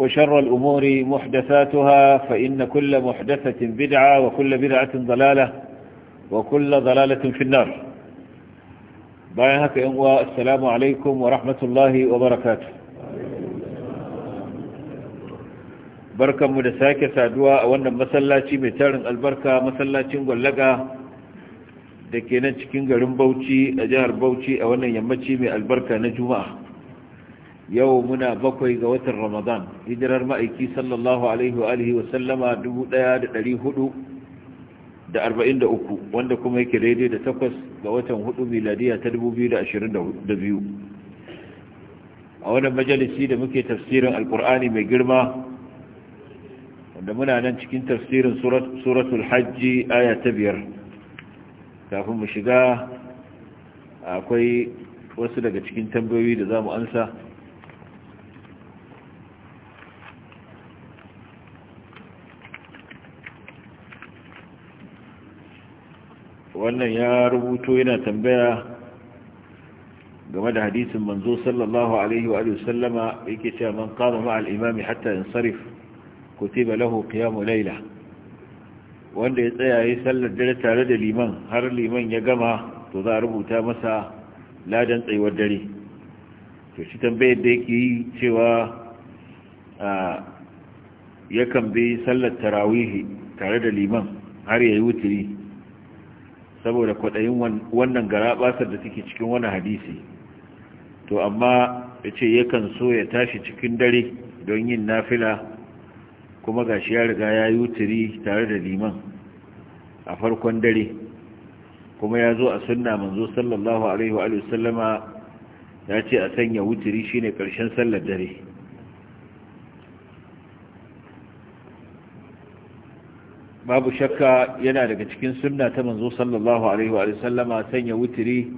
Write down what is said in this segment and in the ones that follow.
وشر الأمور محدثاتها فإن كل محدثة بدعة وكل بدعة ضلالة وكل ضلالة في النار بايهك إنواء السلام عليكم ورحمة الله وبركاته بركة مدساكة سادواء وانا مسلاتي متارن البركة مسلاتي مغلقة دكينا تكينغ رمبوتي أجار بوتي وانا يمتي من البركة نجمعه yau muna bakwai ga watan ramadan hijirar ma'aiki sallallahu alaihi wa alihi wa sallama 1443 wanda kuma yake daidai da takwas ga watan hudu miladiya ta 2022 a wannan majalisi da muke tafsirin alkur'ani mai girma wanda muna nan cikin tafsirin suratul hajji aya ta biyar kafin mu shiga akwai wasu daga cikin tambayoyi da za mu ansa wannan ya rubuto yana tambaya game da hadisin manzo sallallahu alaihi wa alihi sallama yake cewa man qama ma al-imam hatta yansarif kutiba lahu qiyam layla wanda ya tsaya yayin sallar dare tare da liman har liman ya gama to za a rubuta masa ladan tsayuwar dare to shi tambayar da yake yi cewa yakan bi sallar tarawihi tare da liman har yayi wutiri saboda kwaɗayin wannan garaɓasar da suke cikin wani hadisi to amma ya ce yakan so ya tashi cikin dare don yin nafila kuma ga shi ya riga ya yi wuturi tare da liman a farkon dare kuma ya zo a sunna manzo sallallahu alaihi wa sallama ya ce a sanya wutiri shine ƙarshen sallar dare babu shakka yana daga cikin sunna ta manzo sallallahu alaihi wa sallama sanya wutiri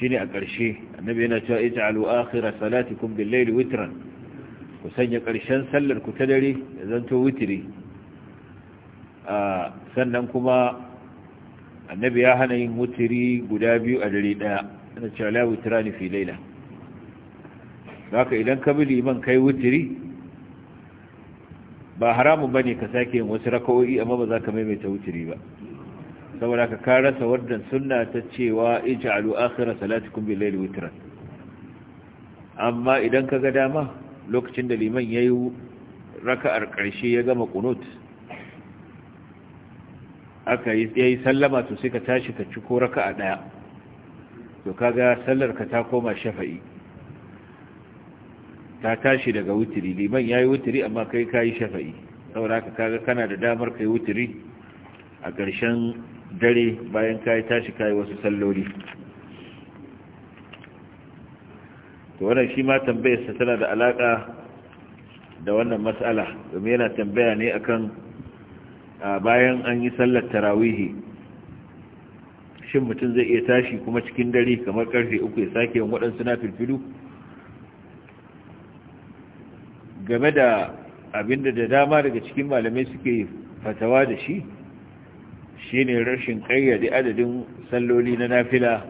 shine a ƙarshe annabi yana cewa ij'alu akhira salatikum bil-layli witran ku sanya ƙarshen sallar ku ta dare ya zanto wutiri sannan kuma annabi ya hana yin wutiri guda biyu a dare daya yana cewa la witrani fi layla haka idan ka bi liman kai wutiri ba haramun ba ne ka sake yin wasu raka'o'i amma ba za ka maimaita wuturi ba saboda ka karasa wannan sunna ta cewa ij'alu akhira salatikum bil layli witran amma idan ka ga dama lokacin da liman yayi raka'ar karshe ya gama kunut. aka yi yayi sallama to sai ka tashi ka ci ko raka'a ɗaya, to kaga sallar ka ta koma shafa'i ta tashi daga wuturi, liman ya yi wuturi amma kai ka yi shafa'i saboda haka kaga kana da damar ka wuturi a ƙarshen dare bayan ka yi tashi ka yi wasu salloli to wannan shi ma tambayarsa tana da alaƙa da wannan matsala domin yana tambaya ne akan bayan an yi sallar tarawihi shin mutum zai iya tashi kuma cikin dare kamar karfe uku ya sake yin waɗansu na filfilu game da abinda da dama daga cikin malamai suke fatawa da shi shi ne rashin ƙayyade adadin salloli na nafila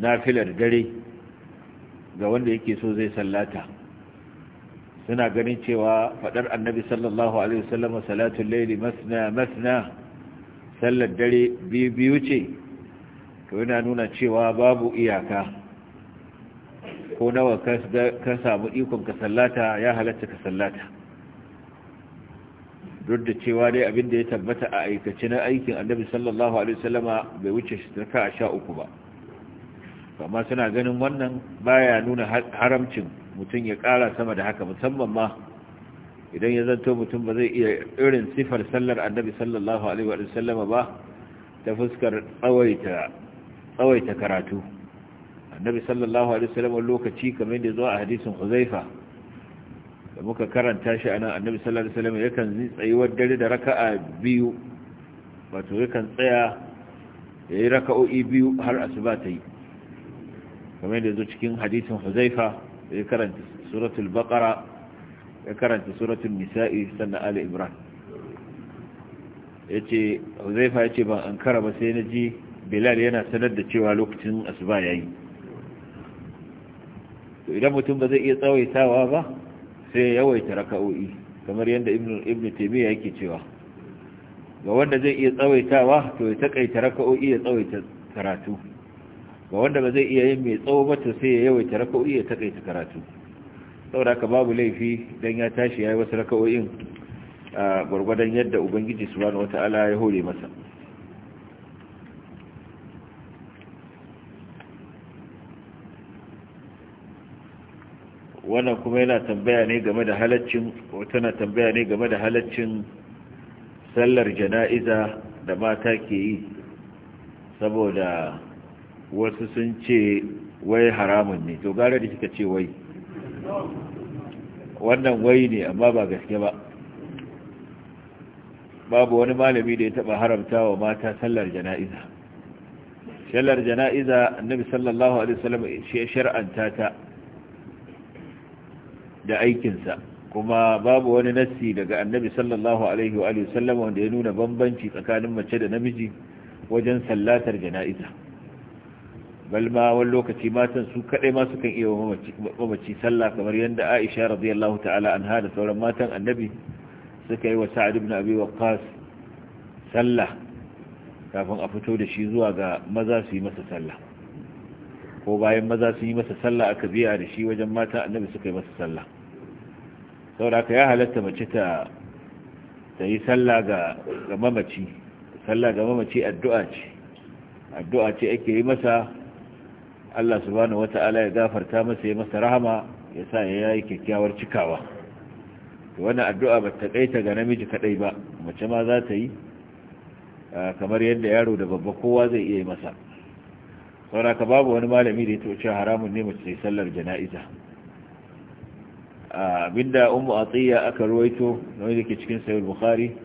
nafilar dare ga wanda yake so zai sallata suna ganin cewa faɗar annabi sallallahu alaihi wasallam salatul laili masna masna sallar dare biyu biyu ce to yana nuna cewa babu iyaka ko nawa ka samu ikon ka sallata ya halatta ka sallata duk da cewa dai abin da ya tabbata a aikace na aikin annabi sallallahu alaihi wasallama bai wuce shirka a sha uku ba amma suna ganin wannan baya nuna haramcin mutum ya kara sama da haka musamman ma idan ya zanto mutum ba zai iya irin sifar sallar annabi sallallahu alaihi wasallama ba ta fuskar tsawaita karatu annabi sallallahu alaihi wasallam lokaci kamar da zuwa a hadisin Uzaifa da muka karanta shi anan annabi sallallahu alaihi wasallam yakan tsayuwar dare da raka'a biyu wato yakan tsaya yayi raka'o'i biyu har asuba ta yi kamar da zo cikin hadisin Uzaifa ya karanta suratul baqara ya karanta suratul nisa'i sannan ali ibrahim yace Uzaifa yace ban ankara ba sai na ji Bilal yana sanar da cewa lokacin asuba yayi to idan mutum ba zai iya tsawaitawa ba sai ya yawaita raka'o'i kamar yadda ibnu taimiyya yake cewa ga wanda zai iya tsawaitawa to ya takaita raka'o'i ya tsawaita karatu ga wanda ba zai iya yin mai tsawo ba to sai ya yawaita raka'o'i ya takaita karatu saboda haka babu laifi dan ya tashi ya yi wasu raka'o'in gwargwadon yadda ubangiji subhanahu wataala ya hore masa wannan kuma yana tambaya ne game da halaccin tana tambaya ne game da halaccin sallar jana'iza da mata ke yi saboda wasu sun ce wai haramun ne to gara da kika ce wai wannan wai ne amma ba gaske ba babu wani malami da ya taba haramta wa mata sallar jana'iza sallar jana'iza annabi sallallahu alaihi wasallam shi shar'anta ta da aikinsa kuma babu wani nassi daga annabi sallallahu alaihi wa sallam wanda ya nuna bambanci tsakanin mace da namiji wajen sallatar jana'iza bal ma wani lokaci matan su kaɗai ma sukan iya wa mamaci sallah kamar yadda aisha radiyallahu ta'ala anha da sauran matan annabi suka yi wa sa'ad ibn abi waqqas sallah kafin a fito da shi zuwa ga maza su yi masa sallah ko bayan maza sun yi masa sallah aka biya da shi wajen mata annabi suka yi masa sallah saboda ya halatta mace ta ta yi sallah ga mamaci sallah ga mamaci addu'a ce addu'a ce ake yi masa Allah subhanahu wata'ala ya gafarta masa ya masa rahama ya sa ya yi kyakkyawar cikawa wannan addu'a ba ta kaita ga namiji kadai ba mace ma za ta yi ah, kamar yadda yaro da babba kowa zai iya yi masa saboda ka babu wani malami da ya taɓa cewa haramun ne mace sai sallar jana'iza abinda ummu atiya aka ruwaito na wani ke cikin sahih bukhari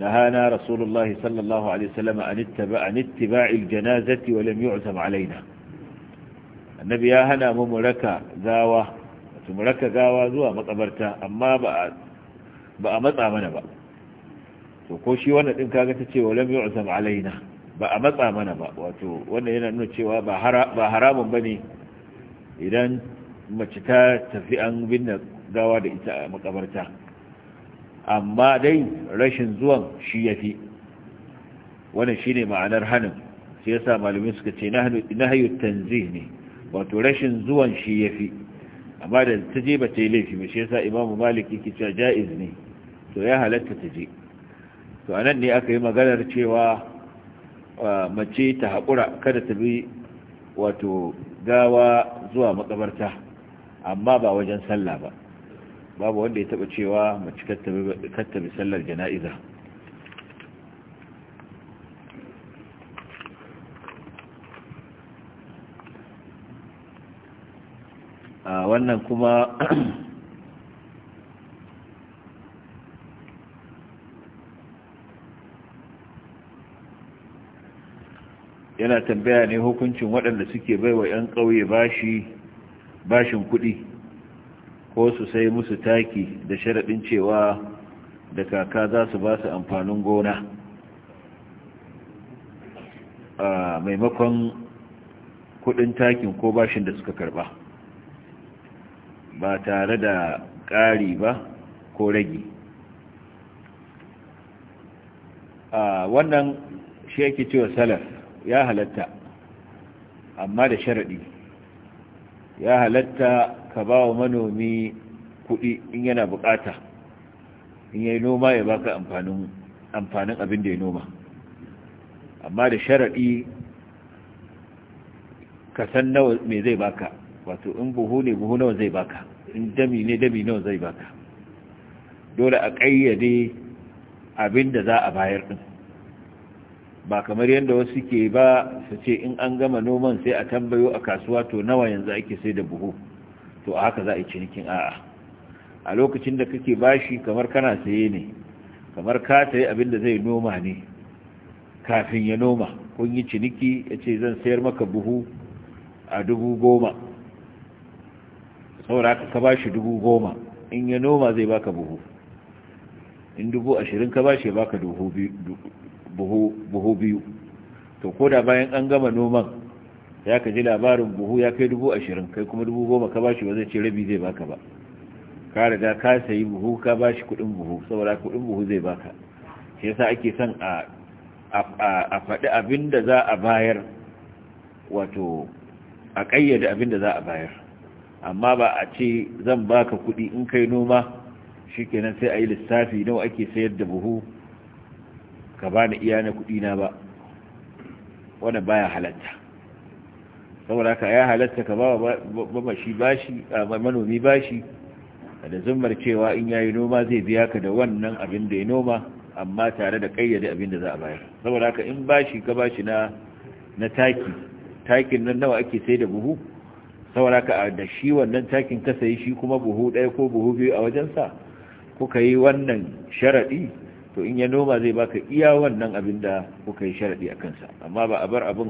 nahana rasulullah sallallahu alaihi wasallam an ittaba an ittiba'i aljanazati wa lam yu'zam alaina annabi ya hana mu muraka gawa to muraka gawa zuwa makabarta amma ba ba a matsa mana ba to ko shi wannan din kaga tace wa lam yu'zam alaina ba a matsa mana ba wato wannan yana nuna cewa ba haramun ba ne idan mace ta tafi an binne gawa da ita a makabarta amma dai rashin zuwan shi ya fi wannan shi ne ma'anar hannun sai ya sa malumin suka ce na hayu tanzih ne wato rashin zuwan shi ya fi amma da ta je ba ta yi laifi ba shi ya sa imamu malik yake cewa ja'iz ne to ya halatta ta je to a nan ne aka yi maganar cewa mace ta haƙura kada ta bi wato gawa zuwa makabarta amma ba wajen sallah ba babu wanda ya taɓa cewa mace katta bi sallar jana'iza wannan kuma yana tambaya ne hukuncin waɗanda suke baiwa 'yan ƙauye bashin kuɗi ko su sai musu taki da sharaɗin cewa da kaka za su ba su amfanin gona a maimakon kuɗin takin ko bashin da suka karɓa ba tare da ƙari ba ko ragi wannan shi ake cewa salar. ya halatta amma da sharaɗi ya halatta ka ba wa manomi kuɗi in yana buƙata in yai noma ya baka amfanin abin da ya noma amma da sharaɗi ka san nawa me zai baka wato in buhu ne buhu nawa zai baka in dami ne dami nawa zai baka dole a ƙayyade abin da za a bayar ɗin ba kamar yadda wasu ke ba su ce in an gama noman sai a tambayo a kasuwa to nawa yanzu ake sai da buhu to a haka za a yi cinikin a'a a lokacin da kake bashi kamar kana saye ne kamar ka sayi abin da zai noma ne kafin ya noma kun yi ciniki ya ce zan sayar maka buhu a dubu goma saboda ka bashi dubu goma in ya noma zai baka buhu in dubu ashirin ka bashi ya baka biyu buhu biyu to ko da bayan an gama noman ya ka ji labarin buhu ya kai dubu ashirin kai kuma dubu goma ka bashi ba zai ce rabi zai baka ba ka riga ka sayi buhu ka bashi kuɗin buhu saboda kudin buhu zai baka shi yasa ake son a a faɗi abin da za a bayar wato a ƙayyade abin da za a bayar amma ba a ce zan baka kuɗi in kai noma shi kenan sai a yi lissafi nawa ake sayar da buhu ka ba ni iya na kuɗi na ba wanda baya halatta saboda haka ya halatta ka ba mamashi bashi manomi bashi da zummar cewa in yayi noma zai biya ka da wannan abin da ya noma amma tare da kayyade abin da za a bayar saboda haka in bashi ka bashi na na taki takin nan nawa ake sai da buhu saboda ka da shi wannan takin ka sayi shi kuma buhu ɗaya ko buhu biyu a wajensa kuka yi wannan sharaɗi to in ya noma zai baka iya wannan abin da kuka yi sharadi a kansa amma ba a bar abin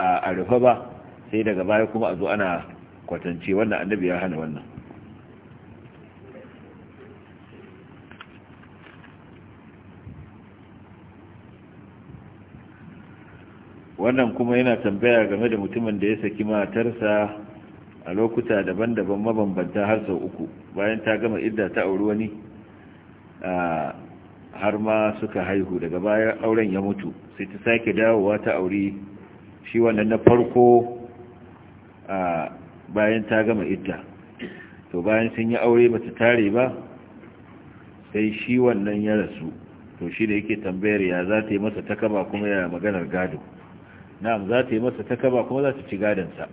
a rufe ba sai daga baya kuma a zo ana kwatance wannan annabi ya hana wannan wannan kuma yana tambaya game da mutumin da ya saki matarsa a lokuta daban-daban mabambanta har sau uku bayan ta gama idda ta auri wani har ma suka haihu daga bayan auren ya mutu sai ta sake dawowa ta aure shi wannan na farko a bayan ta gama idda to bayan sun yi aure ba ta tare ba sai shi wannan ya rasu to shi da yake tambayar ya za ta yi masa takaba kuma ya maganar gado na'am za ta yi masa takaba kuma za ta ci gadonsa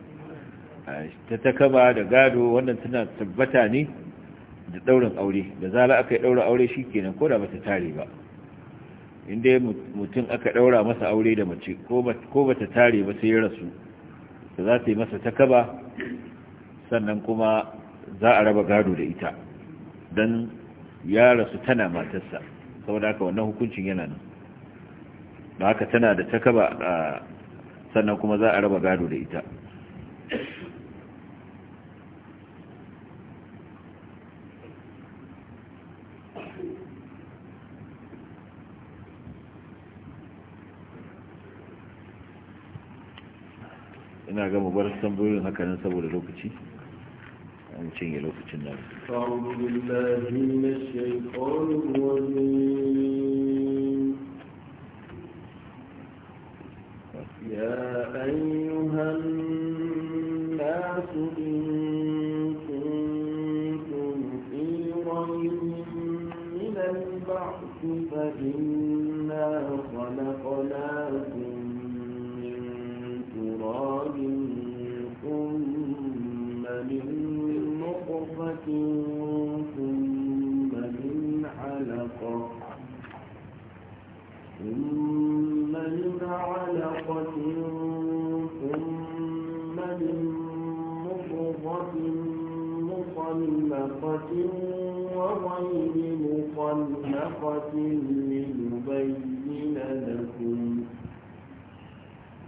ta takaba da gado wannan tana tabbata ne da daurin aure da zala aka yi daura aure shi kenan ko da bata tare ba inda mutum aka daura masa aure da mace ko bata tare ba sai ya rasu da za ta yi masa takaba sannan kuma za a raba gado da ita don ya rasu tana matarsa saboda haka wannan hukuncin yana nan da haka tana da takaba sannan kuma za a raba gado da ita na gama bar tambayoyin haka nan saboda lokaci an cinye lokacin nan أعوذ بالله من الشيطان يا أيها الناس إن ثم من علقة ثم من علقة ثم من مضغة مخلقة وغير مخلقة لنبين لكم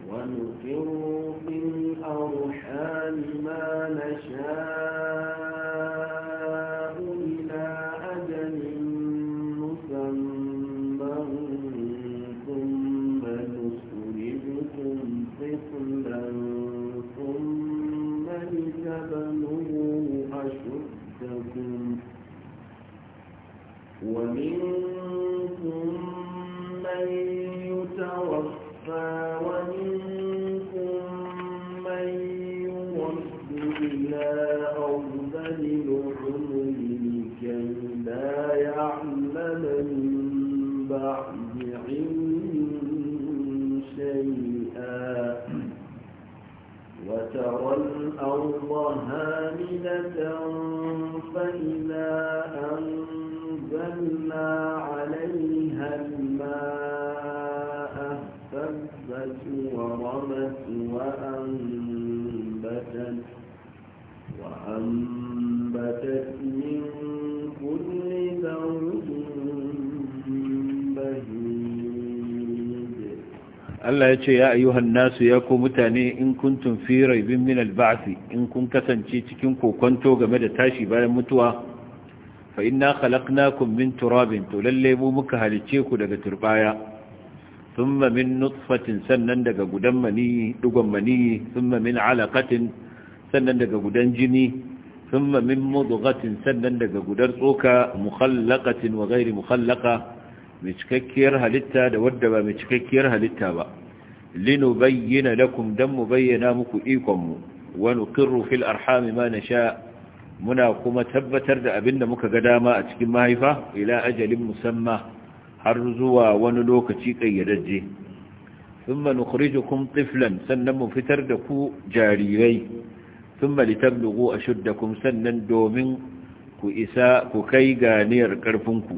ونقر في الأرحام ما نشاء Allah ya ce ya ayyuhan nasu ya ko mutane in kuntum fi raibin min al in kun kasance cikin kokonto game da tashi bayan mutuwa fa inna khalaqnakum min turabin to lalle mu muka halice ku daga turbaya thumma min nutfatin sannan daga gudan maniyi dugon maniyi thumma min alaqatin sannan daga gudan jini thumma min mudghatin sannan daga gudar tsoka mukhallaqatin wa ghairi mukhallaqa mai cikakkiyar halitta da wadda ba mai cikakkiyar halitta ba linubayyana lakum dan mu bayyana muku ikonmu wa nuqirru fil arhami ma nasha muna kuma tabbatar da abinda muka ga dama a cikin mahaifa ila ajalin musamma har zuwa wani lokaci kayyadajje thumma nukhrijukum tiflan sannan mu fitar da ku jarirai thumma litablughu ashuddakum sannan domin ku isa ku kai ganiyar karfinku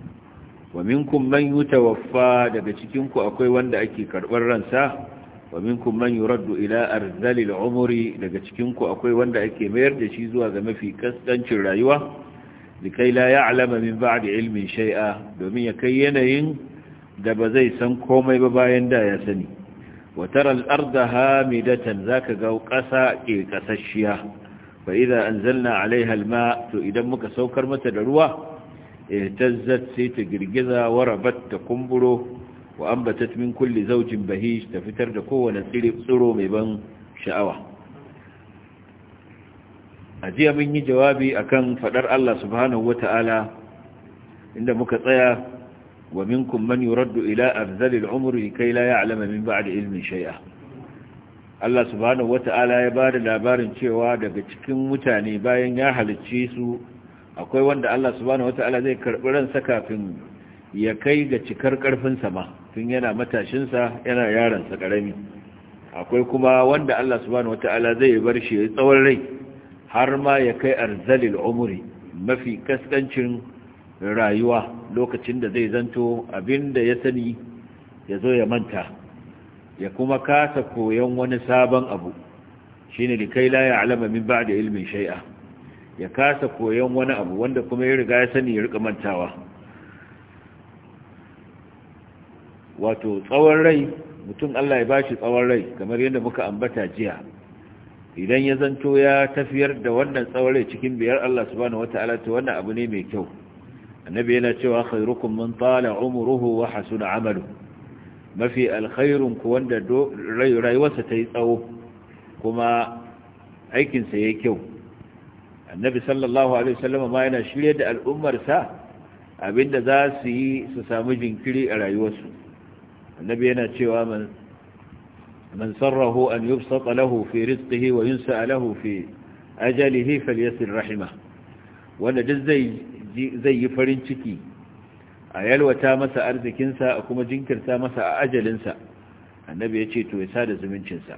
wa minkum man yutawaffa daga cikin ku akwai wanda ake karbar ransa wa minkum man yuraddu ila arzalil umri daga cikin ku akwai wanda ake mayar da shi zuwa ga mafi kaskancin rayuwa likai la ya'lama min ba'di ilmin shay'a domin ya kai yanayin da ba zai san komai ba bayan da ya sani wa tara al-ardha hamidatan zaka ga ƙasa ke kasashiya fa idza anzalna 'alayha al-ma' to idan muka saukar mata da ruwa ihtazzat sai ta girgiza warabat ta kumburo wa ambatat kulli zawjin bahij ta fitar da kowane tsiro mai ban sha'awa a jiya mun yi jawabi akan faɗar Allah subhanahu inda muka tsaya wa minkum man yuraddu ila arzali al'umri kai la ya'lama min da ilmin Shai)A. Allah subhanahu wata'ala ya bada labarin cewa daga cikin mutane bayan ya halicce su akwai wanda Allah subhanahu wata'ala zai karbi ransa kafin ya kai ga cikar karfinsa sama, tun yana matashinsa yana yaransa karami akwai kuma wanda Allah subhanahu wata'ala zai bar shi ya tsawon rai har ma ya kai arzalil umri mafi kaskancin rayuwa lokacin da zai zanto abin da ya sani ya zo ya manta ya kuma kasa koyon wani sabon abu shi da kai la ya alama min da ilmin shai'a ya kasa koyon wani abu wanda kuma ya riga ya sani ya riƙa mantawa wato tsawon rai mutum Allah ya bashi tsawon rai kamar yadda muka ambata jiya idan ya zanto ya tafiyar da wannan tsawon rai cikin biyar Allah subhanahu wata'ala to wannan abu ne mai kyau annabi yana cewa khairukum man tala umruhu wa hasuna amalu mafi alkhairun ku wanda rayuwarsa ta yi tsawo kuma aikinsa ya yi kyau annabi sallallahu alaihi wasallam ma yana shirye da al'ummarsa abinda za su yi su samu jinkiri a rayuwarsu annabi yana cewa man man sarrahu an yubsata lahu fi rizqihi wa yunsa lahu fi ajalihi rahima wanda duk zai zai yi farin ciki a yalwata masa arzikinsa kuma jinkirta masa a ajalinsa annabi ya ce to ya sada zumuncinsa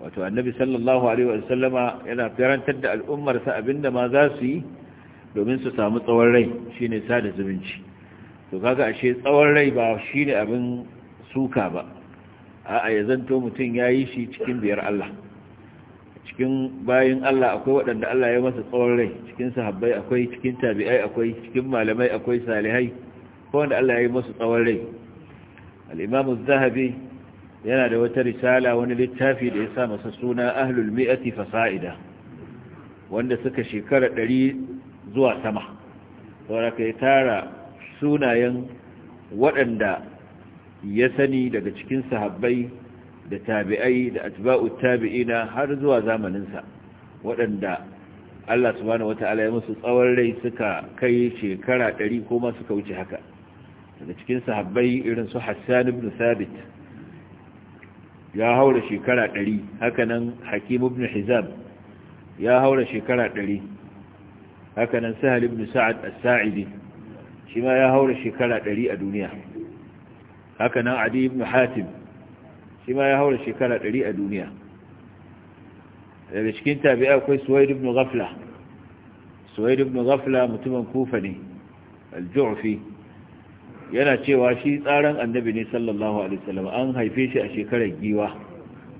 wato annabi sallallahu alaihi wasallama yana karantar da al'ummarsa abinda ma za su yi domin su samu tsawon rai shine sada zumunci to kaga ashe tsawon rai ba shine abin suka ba a'a ya zanto mutum ya yi shi cikin biyar Allah cikin bayin Allah akwai waɗanda Allah ya masa tsawon rai cikin sahabbai akwai cikin tabi'ai akwai cikin malamai akwai salihai ko wanda Allah ya yi masa tsawon rai al zahabi yana da wata risala wani littafi da ya sa masa suna Ahlul Mi'ati Fasa'ida wanda suka shekara ɗari zuwa sama saboda ka tara sunayen waɗanda ya sani daga cikin sahabbai da tabi'ai da atba'u tabi'ina har zuwa zamaninsa waɗanda Allah subhanahu wata'ala ya musu tsawon rai suka kai shekara 100 ko ma suka wuce haka daga cikin sahabbai irin su Hassan ibn Thabit ya haura shekara 100 hakanan Hakim ibn Hizam ya haura shekara 100 hakanan Sahal ibn Sa'ad as-Sa'idi shi ma ya haura shekara 100 a duniya haka nan adi ibn hatim shi ma ya haura shekara ɗari a duniya daga cikin tabi'a akwai suwaid ibn ghafla suwaid ibn ghafla mutumin kufa ne al-ju'fi yana cewa shi tsaran annabi ne sallallahu alaihi wasallam an haife shi a shekarar giwa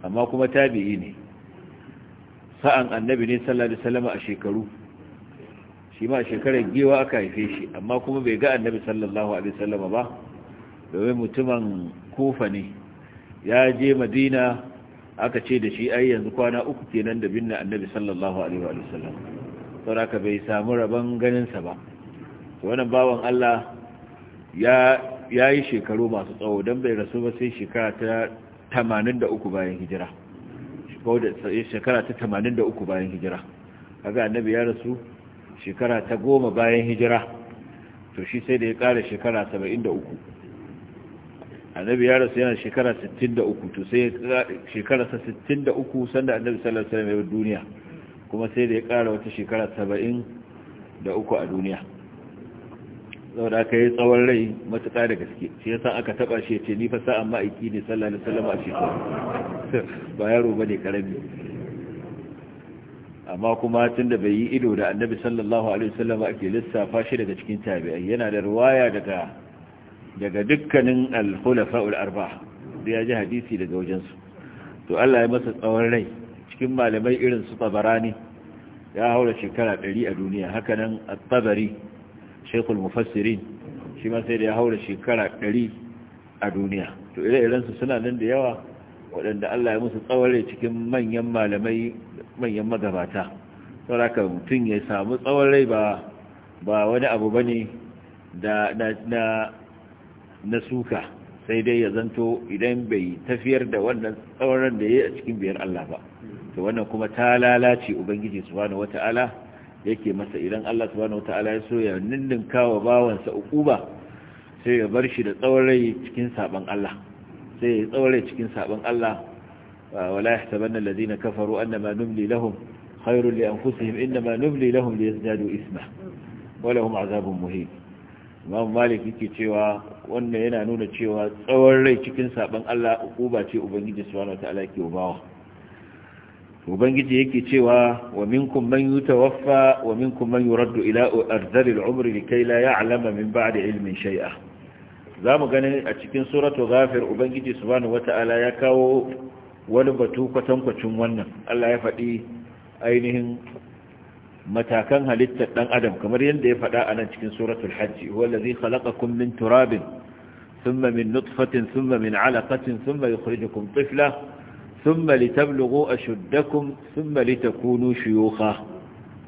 amma kuma tabi'i ne sa'an annabi ne sallallahu alaihi wasallam a shekaru shi ma shekarar giwa aka haife shi amma kuma bai ga annabi sallallahu alaihi wasallam ba domin mutumin kufa ne ya je madina aka ce da shi ai yanzu kwana uku kenan da binne annabi sallallahu alaihi wa sallam ka bai samu rabon ganinsa ba wannan bawan Allah ya yayi yi shekaru masu tsawo don bai rasu ba sai shekara ta 83 bayan hijira shekara ta 83 bayan hijira kaga annabi ya rasu shekara ta 10 bayan hijira to shi sai da ya kare shekara 73 annabi ya rasu yana shekara 63 to sai shekara 63 sanda annabi sallallahu alaihi wasallam ya duniya kuma sai da ya kara wata shekara 73 da uku a duniya saboda aka yi tsawon rai matuƙa da gaske shi yasa aka taba shi ce ni fa sa'an ma'aiki ne sallallahu alaihi wasallam a shekaru ba yaro bane karami amma kuma tunda bai yi ido da annabi sallallahu alaihi wasallam ake lissafa shi daga cikin tabi'ai yana da riwaya daga daga dukkanin al Al-Arba'a, da ya ji hadisi daga wajensu to Allah ya masa tsawon rai cikin malamai irin su tabarani ya haura shekara 100 a duniya haka nan at-tabari shaykhul mufassirin shi ma sai da ya haura shekara 100 a duniya to ire-iren su suna nan da yawa waɗanda Allah ya musu tsawon rai cikin manyan malamai manyan magabata saboda mutum ya samu tsawon rai ba ba wani abu bane da na na suka sai dai ya zanto idan bai tafiyar da wannan tsauran da ya yi a cikin biyar Allah ba to wannan kuma ta lalace ubangiji subhanahu wata'ala yake masa idan Allah subhanahu wata'ala ya so ya ninninka wa bawansa ukuba sai ya bar shi da tsaurai cikin saban Allah sai ya tsaurai cikin saban Allah wala yahtabanna alladhina kafaru ma numli lahum khairul li anfusihim ma numli lahum liyazdadu isma Wala lahum azabun muhin imam malik yake cewa wannan yana nuna cewa tsawon rai cikin saban Allah uba ce ubangiji subhanahu wataala yake bawa ubangiji yake cewa wa minkum man yutawaffa wa minkum man yuraddu ila arzali al-umr likay la ya'lama min ba'di ilmin shay'a zamu ganin a cikin suratu ghafir ubangiji subhanahu wataala ya kawo wani batu kwatankwacin wannan Allah ya faɗi ainihin matakan halittar dan adam kamar yadda ya faɗa a nan cikin suratul hajji wallazi khalaqakum min turabin thumma min nutfatin thumma min alaqatin thumma yukhrijukum tifla thumma litablughu ashuddakum thumma litakunu shuyukha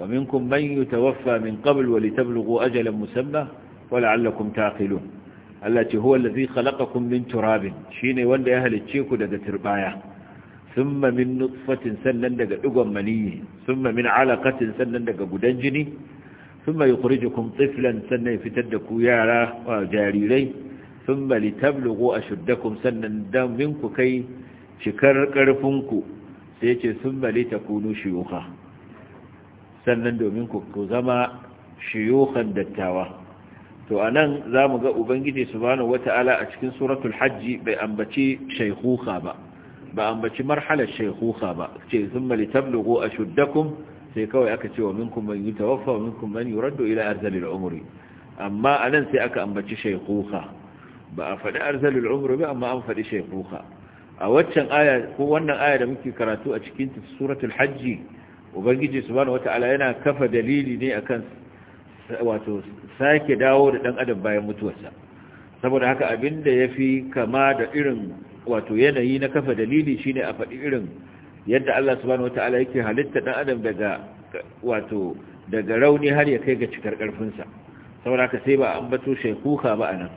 wa minkum man yutawaffa min qabl wa litablughu ajalan musamma wa la'allakum taqilun allati huwa allazi khalaqakum min turabin shine wanda ya halicce ku daga turbaya ثم من نطفه سنن daga digon maniyi ثم من علقه daga gudan jini ثم يخرجكم طفلا سنن fitar da ku yara wa jarirai ثم لتبلغوا اشدكم سنن dan minku kai cikar karfinku sai yace ثم لتكونوا شيوخا sannan domin ku zama shiyukan dattawa to anan zamu ga ubangiji subhanahu wata'ala a cikin suratul hajji bai ambaci shaykhuha ba ba ambaci marhalar shaykhuha ba ce thumma a ashuddakum sai kawai aka ce wa minkum man yutawaffa wa minkum man ila arzalil umri amma nan sai aka ambaci shaykhuha ba a faɗi arzalil umri ba amma an faɗi shaykhuha a waccan aya ko wannan aya da muke karatu a cikin suratul hajji ubangiji subhanahu wataala yana kafa dalili ne akan wato sake dawo da dan adam bayan mutuwarsa saboda haka abinda yafi kama da irin wato yanayi na kafa dalili shine a faɗi irin yadda Allah subhanahu wata'ala yake halitta dan adam daga wato daga rauni har ya kai ga cikar karfinsa saboda ka sai ba an bato shekuka ba anan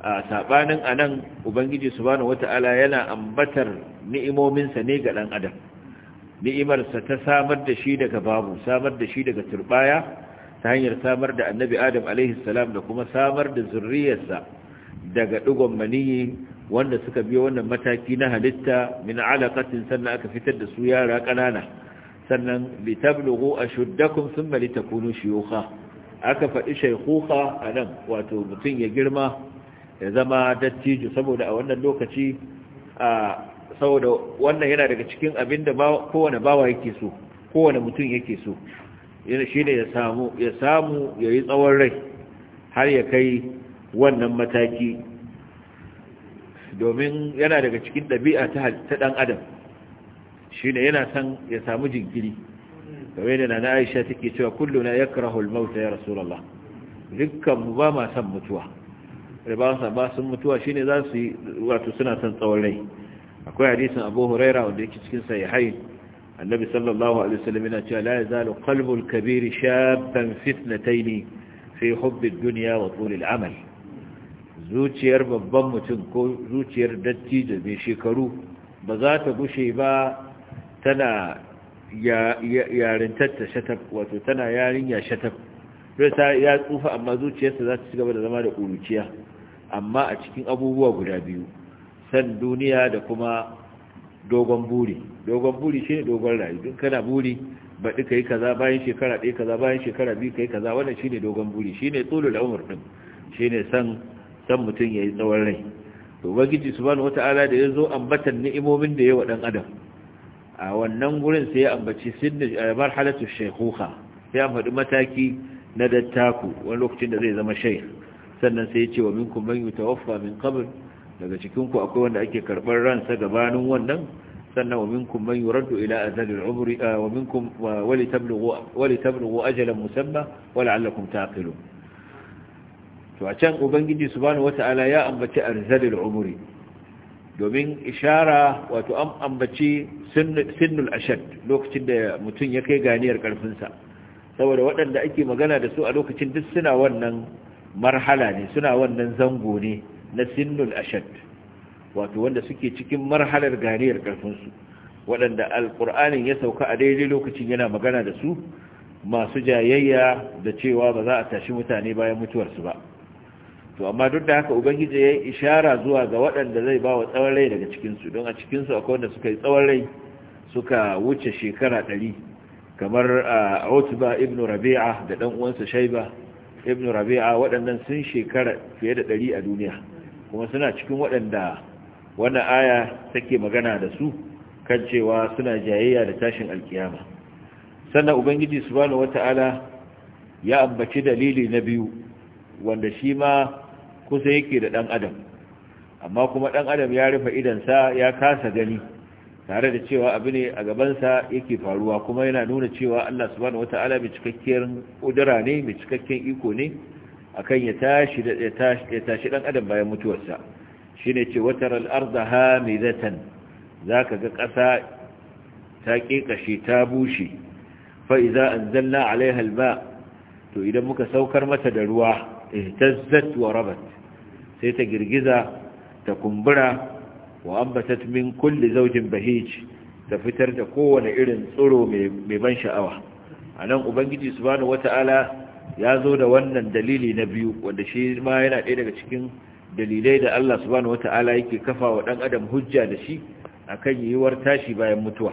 a sabanin anan ubangiji subhanahu wata'ala yana ambatar ni'imominsa ne ga dan adam ni'imarsa ta samar da shi daga babu samar da shi daga turbaya ta hanyar samar da annabi adam alaihi salam da kuma samar da zurriyarsa daga digon maniyi wanda suka biyo wannan mataki na halitta min alaqatin sannan aka fitar da su yara kanana sannan bi tablughu ashuddakum thumma litakunu shuyukha aka faɗi shaykhuha anan wato mutun ya girma ya zama dattijo saboda a wannan lokaci a saboda wannan yana daga cikin abinda kowane bawa yake so kowane mutum yake so shine ya samu ya samu yayi tsawon rai har ya kai wannan mataki domin yana daga cikin ɗabi'a ta ɗan adam shi ne yana son ya samu jinkiri game da na aisha take cewa kullu na ya karahul mauta ya rasulallah dukkan mu ba ma son mutuwa ribansa ba sun mutuwa shi ne za su yi wato suna son tsawon rai akwai hadisin abu huraira wanda yake cikin sahihain annabi sallallahu alaihi wasallam yana cewa la yazalu qalbul kabir shabban fitnatayn fi hubbi ad-dunya wa tul al-amal zuciyar babban mutum ko zuciyar dattijo mai shekaru ba za ta gushe ba tana yarintatta shatab wato tana yarinya shatab rasa ya tsufa amma zuciyarsa za ta ci gaba da zama da ƙuruciya amma a cikin abubuwa guda biyu san duniya da kuma dogon buri dogon buri shine dogon rayu duk kana buri ba duka yi kaza bayan shekara ɗaya kaza bayan shekara biyu ka yi kaza wannan shine dogon buri shine umar ɗin shi shine san dan mutum yayi tsawon rai to ubangiji subhanahu wata'ala da ya zo ambatan ni'imomin da ya wa dan adam a wannan gurin sai ya ambaci sinna eh, marhalatu shaykhuha ya an faɗi mataki na dattaku wani lokacin da zai zama shayin sannan sai ya ce wa minkum man yutawaffa min kabin daga cikin ku akwai wanda ake karbar ransa gabanin wannan sannan ومنكم من يرد إلى أذل العمر ومنكم ولتبلغوا, ولتبلغوا musamman wala ولعلكم تعقلون to a can ubangiji subhanahu wata'ala ya ambaci arzalil umri domin ishara wato an ambaci sinnul ashad lokacin da mutum ya kai ganiyar karfinsa saboda waɗanda ake magana da su a lokacin duk suna wannan marhala ne suna wannan zango ne na sinnul ashad wato wanda suke cikin marhalar ganiyar karfinsu waɗanda alƙur'anin ya sauka a daidai lokacin yana magana da su masu jayayya da cewa ba za a tashi mutane bayan mutuwarsu ba to amma duk da haka ubangiji ya yi ishara zuwa ga waɗanda zai ba wa tsawon rai daga cikinsu don a cikinsu akwai wanda suka yi tsawon rai suka wuce shekara ɗari kamar a otuba ibn rabi'a da ɗan uwansa shaiba ibnu rabi'a waɗannan sun shekara fiye da ɗari a duniya kuma suna cikin waɗanda wani aya take magana da su kan cewa suna jayayya da tashin alkiyama sannan ubangiji subhanahu wata'ala ya ambaci dalili na biyu wanda shi ma kusa yake da ɗan adam amma kuma ɗan adam ya rufe idansa ya kasa gani tare da cewa abu ne a gabansa yake faruwa kuma yana nuna cewa Allah subhanahu wata'ala mai cikakkiyar ƙudura ne mai cikakken iko ne akan ya tashi ya tashi dan adam bayan mutuwarsa ne ce watar al zaton za zaka ga ƙasa ta kekashe ta bushe fa'iza an zanna alaiha ba to idan muka saukar mata da ruwa ihtazzat wa rabat sai ta girgiza ta kumbura wa ambatat min kulli zawjin bahij ta fitar da kowane irin tsoro mai ban sha'awa a nan ubangiji subhanahu wata'ala ya zo da wannan dalili na biyu wanda shi ma yana ɗaya daga cikin dalilai da Allah subhanahu wata'ala yake kafa wa ɗan adam hujja da shi akan yiwuwar tashi bayan mutuwa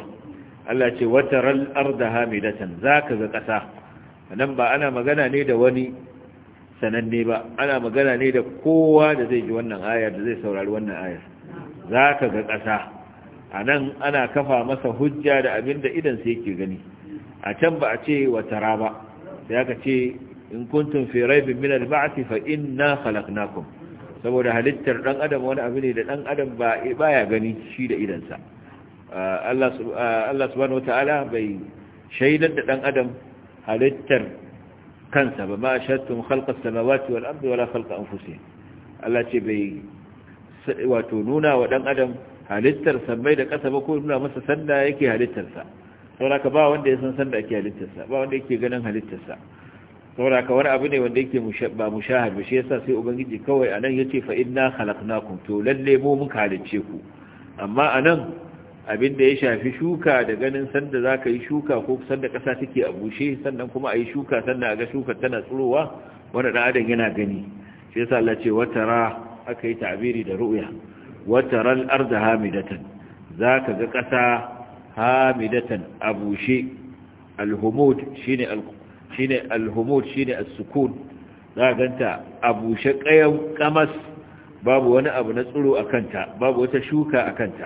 Allah ce wataral ardaha za zaka ga ƙasa nan ba ana magana ne da wani sananne ba ana magana ne da kowa da zai ji wannan ayar da zai saurari wannan ayar za ka ga ƙasa a nan ana kafa masa hujja da abin da idansa yake gani a can ba a ce watara ba sai aka ce in kuntum fi raibin min al-ba'th fa inna khalaqnakum saboda halittar dan adam wani abu ne da dan adam ba baya gani shi da idansa Allah Allah subhanahu wataala bai shaidar da ɗan adam halittar kansa ba ma shattum khalqas samawati wal ardi wala an anfusihim Allah ce bai wato nuna wa dan adam halittarsa sammai da ƙasa ba ko nuna masa sanda yake halittarsa sauraka ba wanda ya san sanda ake halittarsa ba wanda yake ganin halittarsa sauraka wani abu ne wanda yake ba mushahar ba shi yasa sai ubangiji kawai a anan yace fa inna kun to lalle mu muka halicce ku amma a nan. abin da ya shafi shuka da ganin sanda za ka yi shuka ko sanda ƙasa take a bushe sannan kuma a yi shuka sannan a ga shuka tana tsirowa wanda ɗan adam yana gani shi yasa Allah ce wata ra aka yi tabiri da ru'ya wata ran arda hamidatan za ka ga ƙasa hamidatan a bushe alhumud shine shine alhumud shine as-sukun za ganta a bushe ƙayan kamas babu wani abu na tsiro a kanta babu wata shuka a kanta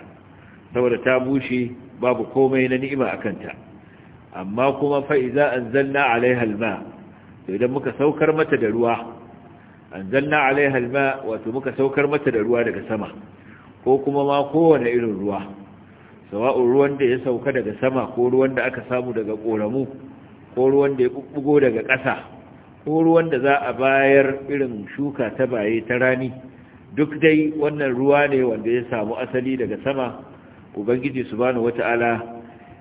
saboda ta bushe babu komai na ni'ima a kanta amma kuma fa'iza an zanna alaihal ma to idan muka saukar mata da ruwa an zanna alaihal ma wato muka saukar mata da ruwa daga sama ko kuma ma kowane irin ruwa sawa'un ruwan da ya sauka daga sama ko ruwan da aka samu daga ƙoramu ko ruwan da ya ɓuɓɓugo daga ƙasa ko ruwan da za a bayar irin shuka ta baye ta rani duk dai wannan ruwa ne wanda ya samu asali daga sama ubangiji subhanahu wata'ala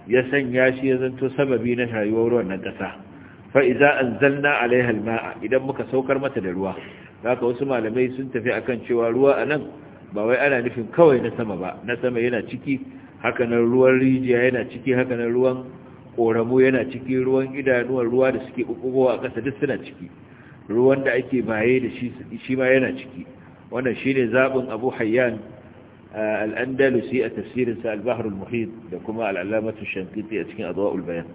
ya sanya shi ya zanto sababi na rayuwar wannan kasa fa idza anzalna alaiha almaa idan muka saukar mata da ruwa haka wasu malamai sun tafi akan cewa ruwa anan ba wai ana nufin kawai na sama ba na sama yana ciki haka nan ruwan rijiya yana ciki haka nan ruwan koramu yana ciki ruwan idanuwar ruwa da suke bubugowa a ƙasa duk suna ciki ruwan da ake baye da shi shi ma yana ciki wannan shine zaɓin Abu Hayyan al'andalusi a tafsirinsa al-bahrul muhit da kuma al'alamatu shankiti a cikin adwa'ul bayan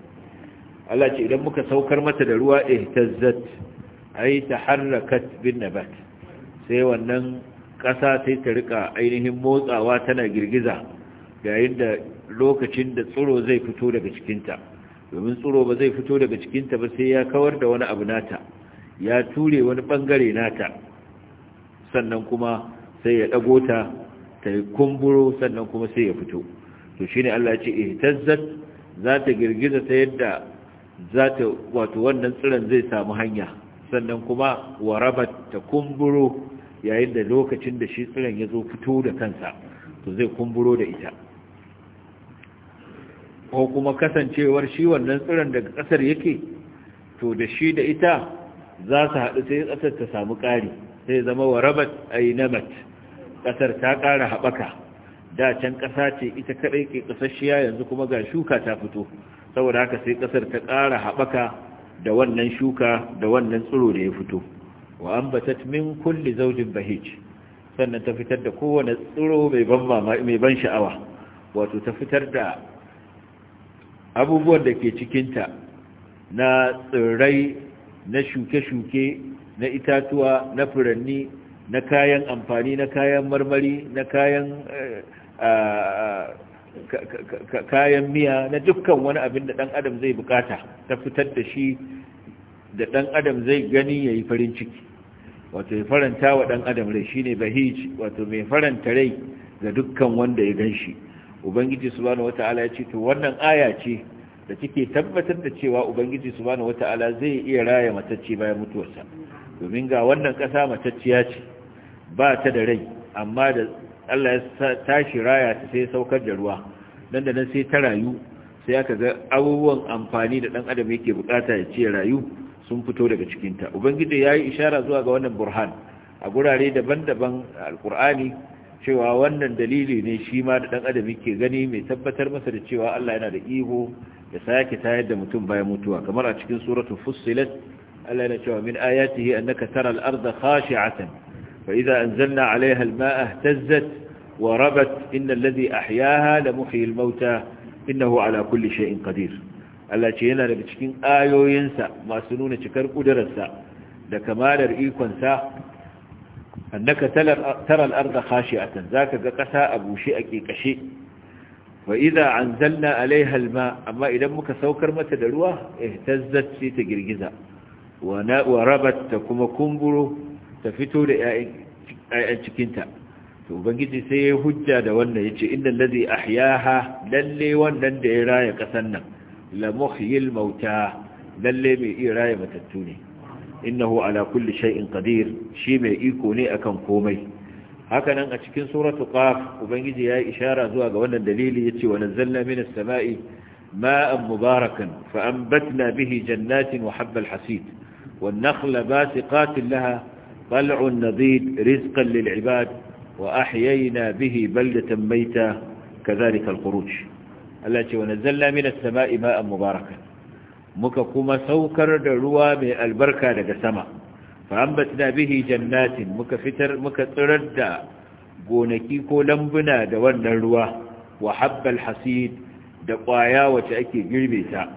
Allah ce idan muka saukar mata da ruwa ihtazzat ai taharrakat binne nabat sai wannan ƙasa sai ta rika ainihin motsawa tana girgiza yayin da lokacin da tsiro zai fito daga cikinta domin tsiro ba zai fito daga cikinta ba sai ya kawar da wani abu nata ya ture wani bangare nata sannan kuma sai ya ɗago ta ta yi kumburo sannan kuma sai ya fito to shine Allah ya ce ihtazzat za ta girgiza ta yadda za ta wato wannan tsiran zai samu hanya sannan kuma warabat ta kumburo yayin da lokacin da shi tsiran ya zo fito da kansa to zai kumburo da ita ko kuma kasancewar shi wannan tsiran daga ƙasar yake to da shi da ita za su haɗu sai ƙasar ta samu ƙari sai zama warabat ainamat ƙasar ta ƙara haɓaka da can ƙasa ce ita kaɗai ke ƙasashiya yanzu kuma ga shuka ta fito saboda haka sai ƙasar ta ƙara haɓaka da wannan shuka da wannan tsiro da ya fito wa ambatat min kulli zaujin bahij sannan ta fitar da kowane tsiro mai ban mai ban sha'awa wato ta fitar da abubuwan da ke cikinta na tsirrai na shuke-shuke na itatuwa na furanni na kayan amfani na kayan marmari na kayan eh, eh, kayan miya na dukkan wani abin da ɗan adam zai bukata ta fitar da shi da ɗan adam zai gani ya yi farin ciki wato ya faranta wa ɗan adam rai shi ne bahij wato mai faranta rai ga dukkan wanda ya gan shi ubangiji subhanahu wata'ala ya ce to wannan aya ce da take tabbatar da cewa ubangiji subhanahu wata'ala zai iya raya matacci bayan mutuwarsa domin ga wannan ƙasa matacciya ce ba ta da rai amma da Allah ya tashi raya ta sai saukar da ruwa nan da nan sai ta rayu sai aka ga abubuwan amfani da dan adam yake bukata ya ce rayu sun fito daga cikin ta ubangiji ya yi ishara zuwa ga wannan burhan a gurare daban-daban Alƙur'ani, cewa wannan dalili ne shi ma da dan adam yake gani mai tabbatar masa da cewa Allah yana da iho ya sake tayar da mutum bayan mutuwa kamar a cikin suratul fussilat Allah yana cewa min ayatihi annaka taral arda khashi'atan فإذا أنزلنا عليها الماء اهتزت وربت إن الذي أحياها لمحيي الموتى إنه على كل شيء قدير Allah ce yana daga cikin ayoyinsa masu nuna cikar ƙudurarsa da kamalar ikonsa annaka taral arda khashi'atan zaka ga ƙasa a bushe a ƙiƙashe wa idza anzalna alaiha alma amma idan muka saukar mata da ruwa ihtazzat sai ta girgiza wa rabat ta kuma kumburo ta fito da ‘ya'yan cikinta to ubangiji sai ya hujja da wannan ya ce inda lazi ahyaha lalle wannan da ya raya ƙasan nan la muhyil mauta lalle mai iya raya matattu ne innahu ala kulli shay'in qadir shi mai iko ne akan komai hakanan a cikin suratu qaf ubangiji ya yi ishara zuwa ga wannan dalili yace wa nazzalna minas sama'i ma'an mubarakan fa batna bihi jannatin wa habbal hasid والنخل باسقات لها طلع نضيد رزقا للعباد وأحيينا به بلدة ميتة كذلك الخروج التي ونزلنا من السماء ماء مباركا مككما سوكر دروا من البركة لك سما فأنبتنا به جنات مكفتر مكتردى gonakiko lambuna da wannan ruwa wa habbal hasid da kwaya wacce ake girbe ta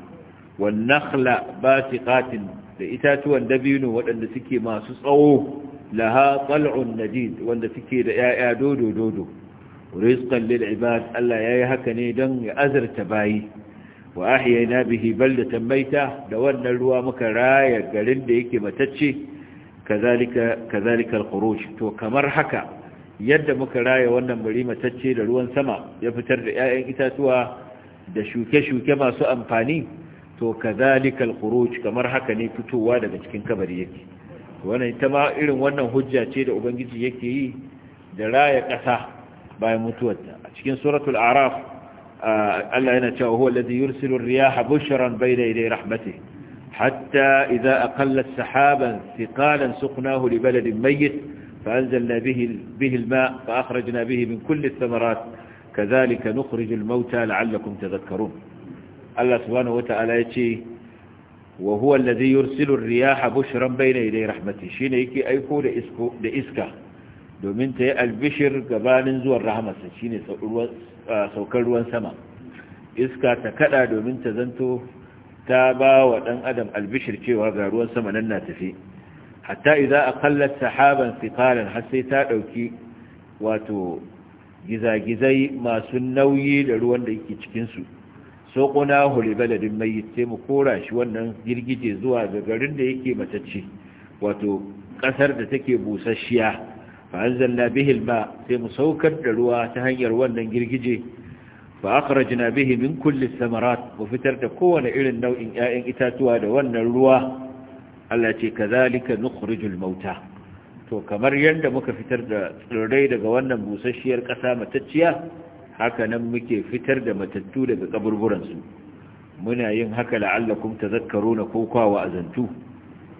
wan nakhla basiqatin da itatuwan dabino waɗanda suke masu tsawo laha tsal'un nadid wanda suke da ‘ya'ya dodo-dodo rizqan lil ibad Allah yayi haka ne don ya azarta bayi wa ahyayna bihi baldatan maita da wannan ruwa muka raya garin da yake matacce kazalika kazalika to kamar haka yadda muka raya wannan bari matacce da ruwan sama ya fitar da ‘ya'yan itatuwa da shuke-shuke masu amfani to kazalika al-khuruj kamar haka ne fitowa daga cikin kabari yake wannan ita ma irin wannan hujja ce da ubangiji yake yi da raya kasa bayan mutuwarta a cikin suratul a'raf Allah yana cewa huwa alladhi yursilu ar-riyaha bushran bayna yaday rahmatihi hatta idza as sahaban thiqalan suqnahu li baladin mayyit bihi bihi فأنزلنا به, به الماء فأخرجنا به من كل الثمرات كذلك نخرج الموتى لعلكم تذكرون Allah subhanahu wata'ala ya ce wa huwa allazi yursilu ar-riyaha bushran bayna yaday rahmati shine yake aiko da isko da iska domin ta yi albishir gabanin zuwan rahmatsa shine saukar ruwan sama iska ta kada domin ta zanto ta ba wa dan adam albishir cewa ga ruwan sama nan na tafi hatta idza aqallat sahaban thiqalan har sai ta dauki wato gizagizai masu nauyi da ruwan da yake cikinsu suquna hu baladin mayyit sai mu kora shi wannan girgije zuwa ga garin da yake matacce wato kasar da take busasshiya fa anzalna bihi alma sai mu saukar da ruwa ta hanyar wannan girgije fa akhrajna bihi min kulli thamarat wa fitar da kowane irin nau'in ƴaƴan itatuwa da wannan ruwa Allah ce kazalika nukhrijul mauta to kamar yanda muka fitar da tsirrai daga wannan busasshiyar ƙasa matacciya haka nan muke fitar da matattu daga kaburburansu muna yin haka la'allakum tazakkaruna ko kwa azantu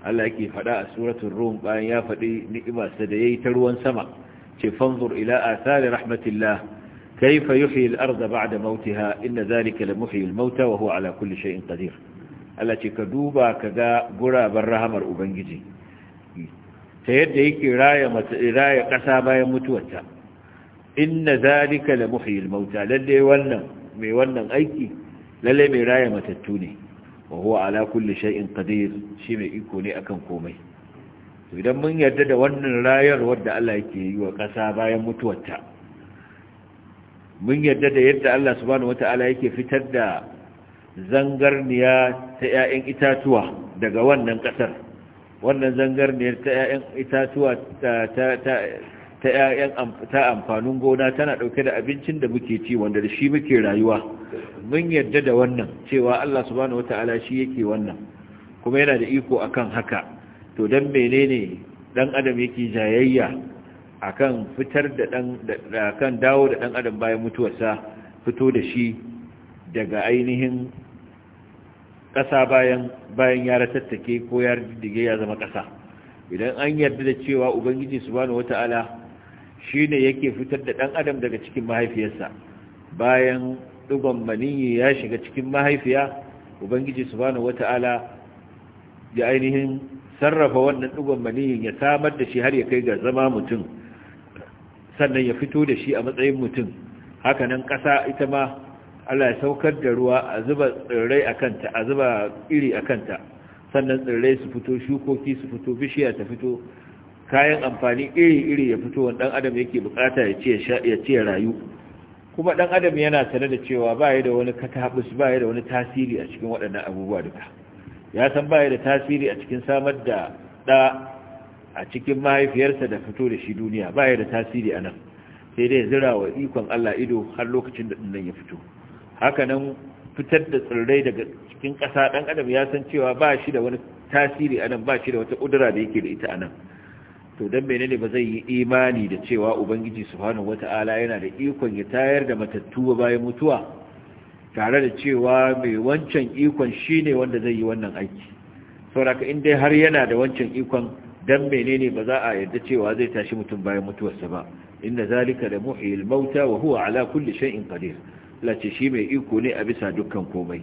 Allah yake faɗa a suratul rum bayan ya faɗi ni'imarsa da yayi ta ruwan sama ce fanzur ila athari rahmatillah kayfa yuhyi al-ardh ba'da mautiha inna zalika lamuhyi al-mauta wa huwa ala kulli shay'in qadir Allah ce ka duba ka ga guraben rahamar ubangiji ta yadda yake raya raya ƙasa bayan mutuwarta inna zalika la muhyil mauta lalle wannan mai wannan aiki lalle mai raya matattu ne wa huwa ala kulli shay'in qadir shi mai iko ne akan komai to idan mun yarda da wannan rayar wanda Allah yake yi wa kasa bayan mutuwarta mun yarda da yadda Allah subhanahu wataala yake fitar da zangarniya ta ƴaƴan itatuwa daga wannan kasar wannan zangarniyar ta ƴaƴan itatuwa ta ta ƴaƴan ta amfanin gona tana ɗauke da abincin da muke ci wanda da shi muke rayuwa mun yarda da wannan cewa Allah subhanahu wataala shi yake wannan kuma yana da iko akan haka to dan menene dan adam yake jayayya akan fitar da dan akan dawo da dan adam bayan mutuwarsa fito da shi daga ainihin ƙasa bayan bayan ya ko ya ya zama ƙasa idan an yarda da cewa ubangiji subhanahu wataala Shi ne yake fitar da ɗan adam daga cikin mahaifiyarsa bayan dugon maniyi ya shiga cikin mahaifiya ubangiji subhanahu wata'ala ya ainihin sarrafa wannan dugon maniyin ya samar da shi har ya kai ga zama mutum sannan ya fito da shi a matsayin mutum hakanan ƙasa ita ma Allah ya saukar da ruwa a zuba tsirrai a kanta a zuba iri a kanta sannan tsirrai su fito shukoki su fito bishiya ta fito kayan amfani iri-iri ya fito wani ɗan adam yake bukata ya ce rayu kuma ɗan adam yana sanar da cewa ba ya da wani katabus ba ya da wani tasiri a cikin waɗannan abubuwa duka ya san ba ya da tasiri a cikin samar da ɗa a cikin mahaifiyarsa da fito da shi duniya ba ya da tasiri a nan sai dai zira wa ikon Allah ido har lokacin da ɗinnan ya fito haka nan fitar da tsirrai daga cikin ƙasa ɗan adam ya san cewa ba shi da wani tasiri a nan ba shi da wata ƙudura da yake da ita a nan to dan menene ba zai yi imani da cewa ubangiji subhanahu wata'ala yana da ikon ya tayar da matattu bayan mutuwa tare da cewa mai wancan ikon shine wanda zai yi wannan aiki sauraka in dai har yana da wancan ikon dan menene ba za a yarda cewa zai tashi mutum bayan mutuwarsa ba inna zalika da muhil mauta wa huwa ala kulli shay'in qadir lace shi mai iko ne a bisa dukkan komai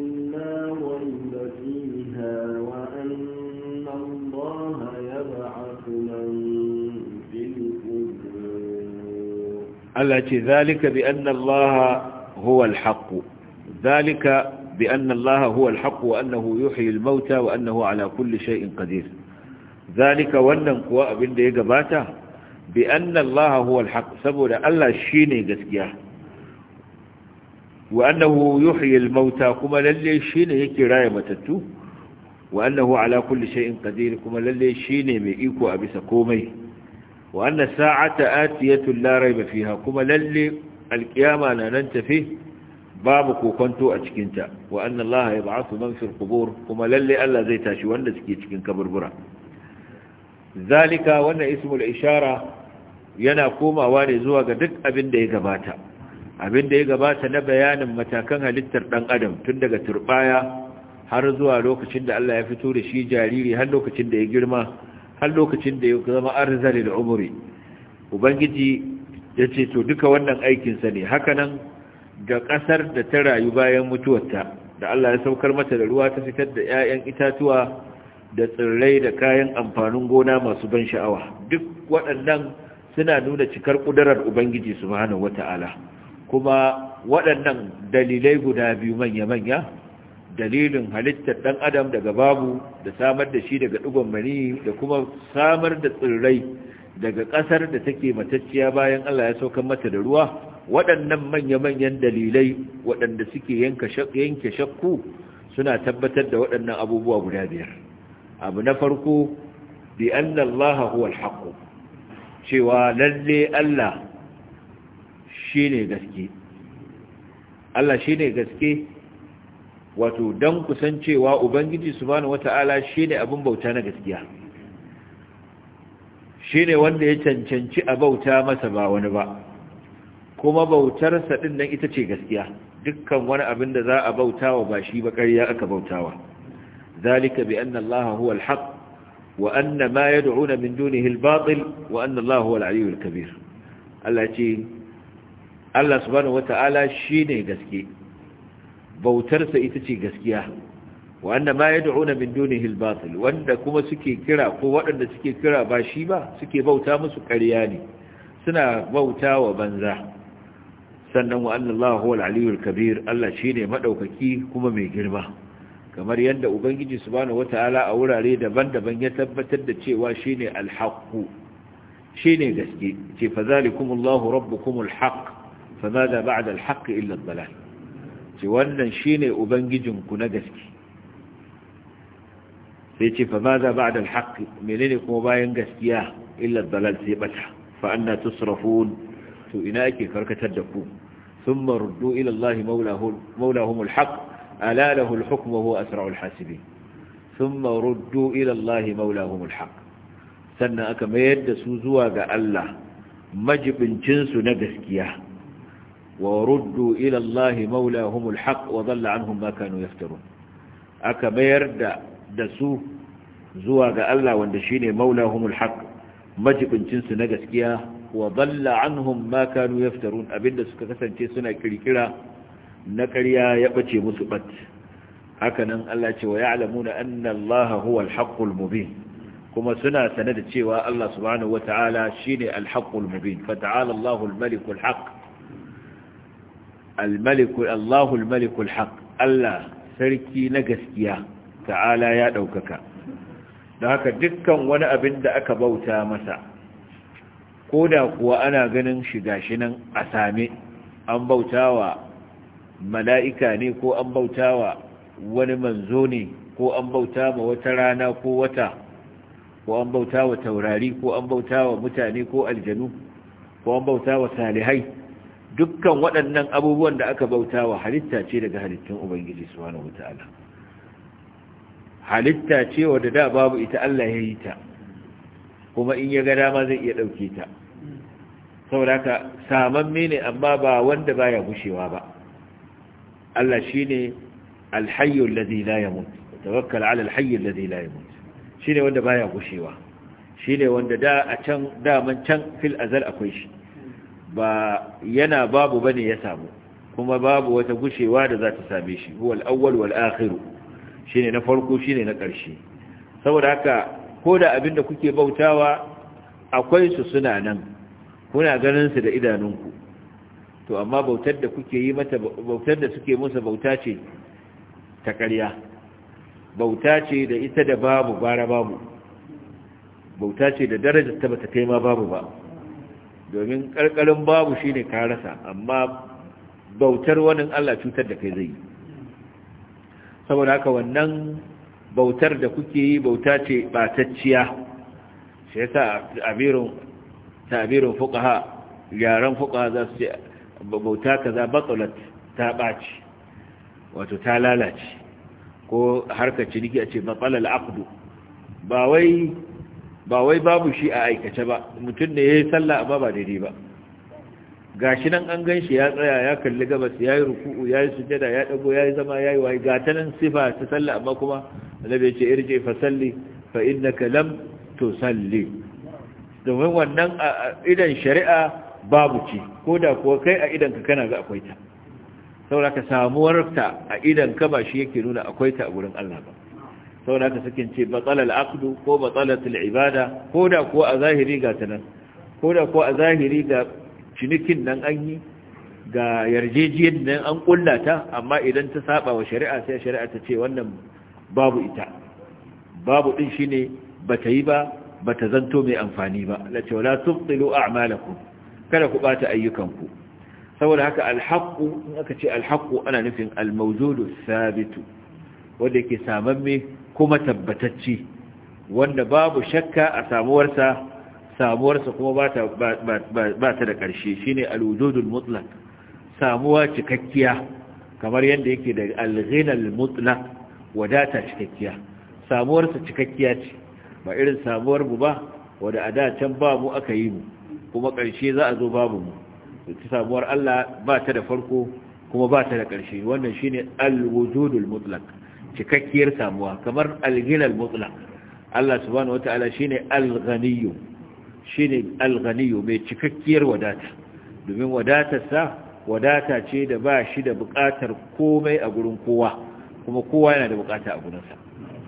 Allah ce zalika bi anna Allah huwa al-haqq zalika bi anna Allah huwa al-haqq wa annahu wannan kuwa abin da ya gabata bi anna Allah huwa al saboda Allah shine gaskiya wa annahu yuhyi kuma lalle shine yake matattu wa annahu ala kulli kuma lalle shine mai iko a bisa komai wa anna sa'ata atiyatun la raiba fiha kuma lalle alkiyama na nan tafi babu kokonto a cikin ta wa anna Allah yab'athu man fil kuma lalle Allah zai tashi wanda suke cikin kaburbura zalika wannan ismul ishara yana komawa ne zuwa ga duk abin da ya gabata abin da ya gabata na bayanin matakan halittar dan adam tun daga turbaya har zuwa lokacin da Allah ya fito da shi jariri har lokacin da ya girma har lokacin da ya zama Zari da umuri ubangiji ya ce to duka wannan aikinsa ne hakanan ga ƙasar da ta rayu bayan mutuwarta da Allah ya saukar mata da ruwa ta fitar da 'ya'yan itatuwa da tsirrai da kayan amfanin gona masu ban sha'awa duk waɗannan suna nuna cikar ƙudurar ubangiji subhanahu wata'ala kuma waɗannan dalilai guda biyu manya-manya dalilin halittar ɗan adam daga babu da samar da shi daga ɗugon mani da kuma samar da tsirrai daga ƙasar da take matacciya bayan Allah ya saukan mata da ruwa waɗannan manya-manyan dalilai waɗanda suke yanke shakku suna tabbatar da waɗannan abubuwa guda biyar abu na farko bi da Allah huwa al cewa lalle Allah shine gaske Allah shine gaske wato don kusancewa ubangiji su subhanahu wata'ala shine abin bauta na gaskiya Shi ne wanda ya cancanci a bauta masa ba wani ba kuma bautarsa ɗin nan ita ce gaskiya dukkan wani abin da za a bautawa ba shi ba ƙarya aka bautawa zalika bi anna Allah huwa al-haq wa anna ma yad'una min dunihi al-batil wa anna Allah huwa al kabir Allah ce Allah subhanahu wata'ala shine gaske. bautarsa ita ce gaskiya wanda ma dauna min dunihi al-batil wanda kuma suke kira ko waɗanda suke kira ba shi ba suke bauta musu ƙarya ne suna bauta wa banza sannan wa annallahu aliyul kabir Allah shine madaukaki kuma mai girma kamar yadda ubangiji subhanahu wataala a wurare daban-daban ya tabbatar da cewa shine al-haqqu shine gaske ce fa zalikumullahu rabbukumul haqq fa madha ba'da al-haqqi illa dhalal ce wannan shine ubangijinku na gaske sai ce fa ma za ba da alhaƙi menene kuma bayan gaskiya illa dalal sai bata fa anna tusrafun to ina ake karkatar da ku thumma ruddu ila Allah maulahum alhaq ala lahu alhukm wa huwa asra'ul hasibin ruddu ila Allah maulahum sannan aka mayar da su zuwa ga Allah majibincinsu na gaskiya ورد إلى الله مولاهم الحق وضل عنهم ما كانوا يفترون أكبير دا دسو زواج الله واندشيني مولاهم الحق مجب انتنس نجسكيا وضل عنهم ما كانوا يفترون أبدا سكتسا انتنسنا كريكرا نكريا يبتي مثبت هكذا الله ويعلمون أن الله هو الحق المبين كما سنة سندت شيء الله سبحانه وتعالى شيني الحق المبين فتعالى الله الملك الحق al Allahu al haq Allah sarki na gaskiya ta'ala ya daukaka don haka dukkan wani abin da aka bauta masa ko da kuwa ana ganin shiga shi nan a same an wa mala'ika ne ko an wa wani manzo ne ko an bauta ma wata rana ko wata ko an bauta wa taurari ko an bauta wa mutane ko aljanu ko an bauta wa salihai dukkan waɗannan abubuwan da aka bauta wa halitta ce daga halittun ubangiji subhanahu wataala halitta ce wadda da babu ita Allah ya yi ta kuma in ya ga dama zai iya ɗauke ta saboda ka saman ne amma ba wanda baya gushewa ba Allah shine alhayyu alladhi la yamut tawakkal ala alhayy alladhi la yamut shine wanda baya gushewa shine wanda da a can da daman can fil azal akwai shi ba yana babu bane ya samu kuma babu wata gushewa da za ta same shi huwa al-awwal wal akhir shine na farko shine na ƙarshe saboda haka ko da abinda kuke bautawa akwai su suna nan kuna ganin su da idanunku to amma bautar da kuke yi mata bautar da suke musa bauta ce ta ƙarya bauta ce da ita da babu bara babu bauta ce da darajar ta bata kai ma babu ba domin karkarin babu shi ne karasa amma bautar wani Allah cutar da kai zai yi saboda haka wannan bautar da kuke yi bauta ce batacciya shi yasa abirin tabirin fuqaha yaran fuqaha za su ce bauta ka za batsalat ta baci wato ta lalace ko harkar ciniki a ce matsalar aqdu ba wai ba wai babu shi a aikace ba mutum da ya yi sallah amma ba daidai ba Ga shi nan an gan shi ya tsaya ya kalli gabas ya yi ruku'u ya yi sujada ya ɗago ya yi zama ya yi waye gata nan sifa ta sallah amma kuma annabi ya ce irje fa salli fa innaka lam tusalli domin wannan a idan shari'a babu ci ko da kuwa kai a idan ka kana ga akwai ta saboda ka samu warta a idan ka ba shi yake nuna akwai ta a gurin Allah ba saboda haka sukin ce batsalal aqdu ko batsalatul ibada ko da ko a zahiri ga tanan ko da ko a zahiri ga cinikin nan an yi ga yarjejiyar nan an kullata amma idan ta saba wa shari'a sai shari'a ta ce wannan babu ita babu din shine bata yi ba bata zanto mai amfani ba la ce wala tubtilu a'malakum kada ku bata ayyukanku saboda haka alhaqu in aka ce alhaqu ana nufin almawjudu thabitu wanda yake samamme kuma tabbatacce wanda babu shakka a samuwarsa samuwarsa kuma ba ta da ƙarshe shine alwujudul mutlaq samuwa cikakkiya kamar yadda yake da alghinal mutlaq wadata cikakkiya samuwarsa cikakkiya ce ba irin samuwar mu ba wanda a da can ba aka yi mu kuma ƙarshe za a zo babu mu ta samuwar Allah ba ta da farko kuma ba ta da ƙarshe wannan shine alwujudul mutlaq cikakkiyar samuwa kamar alghilal mutlaq Allah subhanahu wataala shine alghaniyu shine alghaniyu mai cikakkiyar wadata domin wadatarsa wadata ce da ba shi da buƙatar komai a gurin kowa kuma kowa yana da buƙata a gurinsa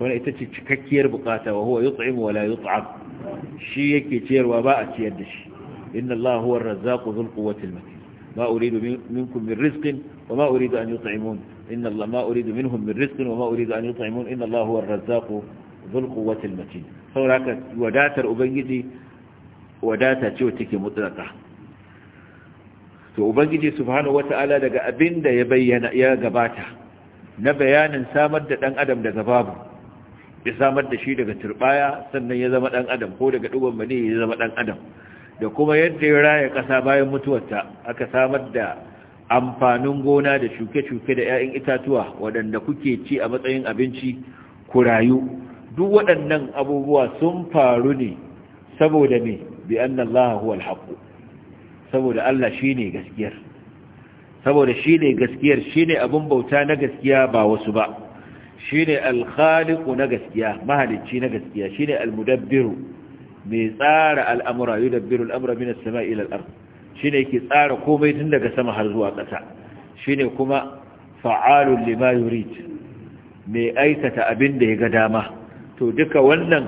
wani ita ce cikakkiyar buƙata wa huwa yut'im wa la yut'am shi yake ciyarwa ba a ciyar da shi inna Allah huwa ar-razzaqu dhul quwwati al-matin ma uridu minkum min rizqin wa ma uridu an yut'imun inna Allah ma uridu minhum min rizqin wa ma uridu an yut'imun inna Allah huwa ar-razzaq dhul quwwati wadatar ubangiji wadata ce take mutlaka to ubangiji subhanahu wata'ala daga abinda ya bayyana ya gabata na bayanin samar da dan adam daga babu ya samar da shi daga turbaya sannan ya zama dan adam ko daga dugon bane ya zama ɗan adam da kuma yadda ya raya kasa bayan mutuwarta aka samar da amfanin gona da shuke-shuke da 'ya'yan itatuwa waɗanda kuke ci a matsayin abinci ku rayu duk waɗannan abubuwa sun faru ne saboda ne bi nan huwal haqq saboda Allah shi ne gaskiyar saboda shi ne gaskiyar shi ne abin bauta na gaskiya ba wasu ba Shi ne alhaliku na gaskiya mahalicci na gaskiya Shi ne almudabbiru mai tsara al'amura dabbiru al'amura minas sama'i shine ke tsara komai tun daga sama har zuwa ƙasa shine kuma fa'alun lima mai aikata abin da ya ga dama to duka wannan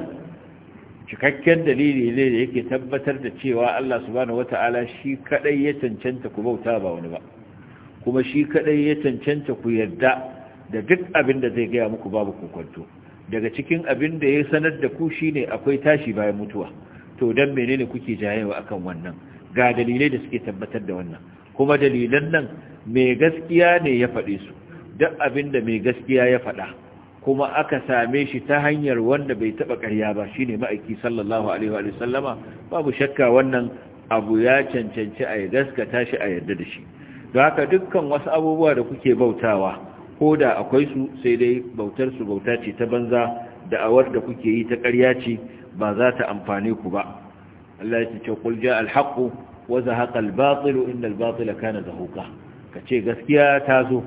cikakken dalili ne da yake tabbatar da cewa Allah subhanahu ta’ala shi kadai ya cancanta ku bauta ba wani ba kuma shi kadai ya cancanta ku yarda da duk abin da zai gaya muku babu kukwanto daga cikin abin da ya sanar da ku shine akwai tashi bayan mutuwa to don menene kuke jayewa akan wannan ga dalilai da suke tabbatar da wannan kuma dalilan nan mai gaskiya ne ya faɗe su duk abin da mai gaskiya ya faɗa kuma aka same shi ta hanyar wanda bai taɓa ƙarya ba shine ma'aiki sallallahu alaihi wa sallama babu shakka wannan abu ya cancanci a ya gaskata shi a yarda da shi don haka dukkan wasu abubuwa da kuke bautawa ko da akwai su sai dai bautar su bauta ce ta banza da'awar da kuke yi ta ƙarya ce ba za ta amfane ku ba Allah ya ce qul alhaƙu al-haqqu wa zahaqa al-batilu innal batila kana zahuqa kace gaskiya ta zo